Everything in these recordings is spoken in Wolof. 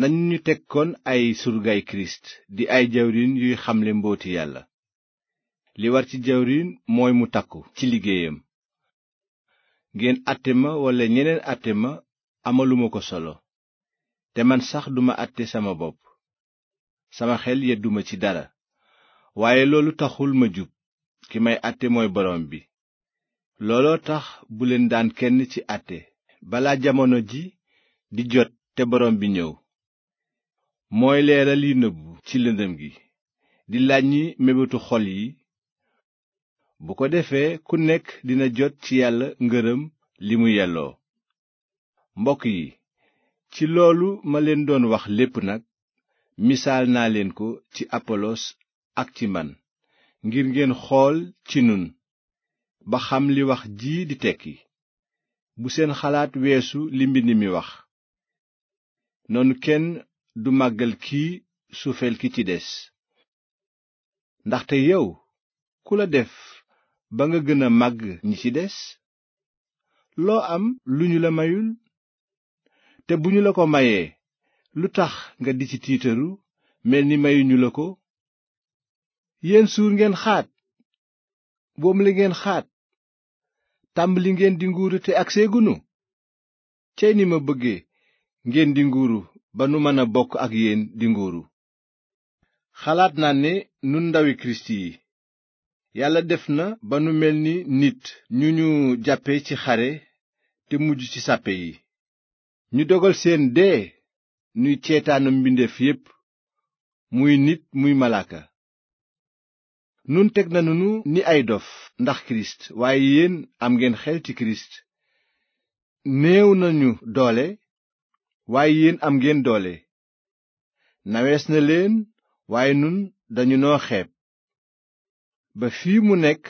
nañu ñu teg koon ay surgaay kirist di ay jawriñ yuy xamle mbooti yàlla li war ci jawriñ mooy mu takku ci liggéeyam ngeen àtte ma walla ñeneen àtte ma amaluma ko solo te man sax duma àtte sama bopp sama xel yedduma ci dara waaye loolu taxul ma jub ki may àtte mooy borom bi looloo tax bu leen daan kenn ci àtte balaa jamono ji di jot te borom bi ñëw mooy leeral li nëbbu ci lëndëm gi di làññi mébétu xol yi bu ko defee ku nekk dina jot ci yàlla ngërëm li mu yelloo mbokk yi ci loolu ma leen doon wax lépp nag misaal naa leen ko ci apolos ak ci man ngir ngeen xool ci nun ba xam li wax ji di tekki bu seen xalaat weesu li mbind mi wax du màggal kii suufeel ki ci des ndaxte yow ku la def ba nga gën a màgg ñi ci des loo am lu ñu la mayul te bu ñu la ko mayee lu tax nga di ci tiitaru mel ni mayuñu la ko yéen suur ngeen xaat boom li ngeen xaat tàmbali ngeen di nguuru te ak seegunu cey ni ma bëggee ngeen di nguuru ba mën bokk ak yéen di nguuru xalaat naa ne nun ndawi kirist yi yàlla def na ba nu mel ni nit ñu ñu jàppe ci xare te mujj ci sàppe yi ñu dogal seen dee nuy ceetaanam mbindeef yépp muy nit muy malaaka nun teg nanu nu ni ay dof ndax kirist waaye yéen am ngeen xel ci kirist néew nañu doole waaye yéen am ngeen doole nawees na leen waaye nun dañu noo xeeb ba fii mu nekk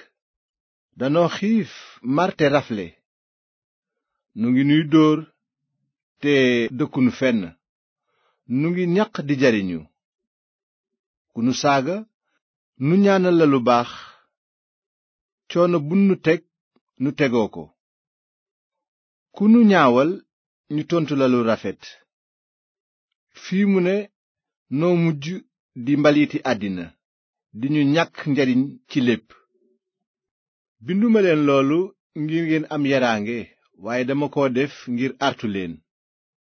danoo xiif mar te rafle nu ngi nuy dóor te dëkkunu fenn nu ngi ñaq di jariñu ku nu saaga nu ñaanal la lu baax coono bu nu teg nu tegoo ko ku nu ñaawal ñu tontu la lu rafet fii mu ne noo mujj di mbaliti àddina di ñu ñàkk njariñ ci lépp binduma leen loolu ngir ngeen am yaraange waaye dama ko def ngir artu leen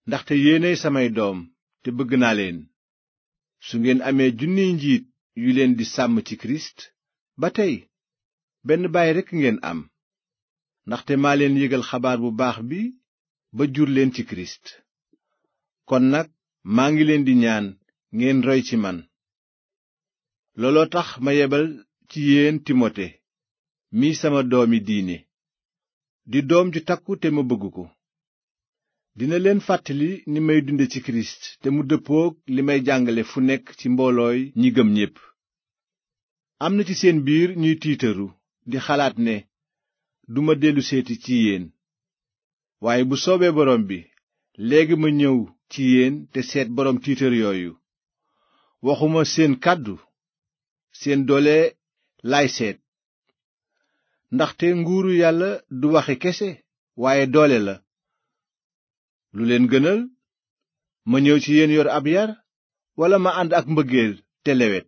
ndaxte yéenay samay doom te bëgg naa leen su ngeen amee junniy njiit yu leen di sàmm ci kirist ba tey benn baay rekk ngeen am ndaxte maa leen yégal xabaar bu baax bi ba jur leen ci kirist kon nag maa ngi leen di ñaan ngeen roy ci man looloo tax ma yebal ci yéen timote mii sama doomi diine di doom ju takku te ma bëgg ko dina leen fàttali ni may dunde ci kirist te mu dëppook li may jàngale fu nekk ci mboolooy ñi gëm ñépp am na ci seen biir ñuy tiitaru di xalaat ne duma dellu seeti ci waaye bu soobee borom bi léegi ma ñëw ci yéen te seet borom tiitar yooyu waxuma seen kàddu seen doole laay seet ndaxte nguuru yàlla du waxi kese waaye doole la lu leen gënal ma ñëw ci yéen yor ab yar walla ma ànd ak mbëggeel te lewet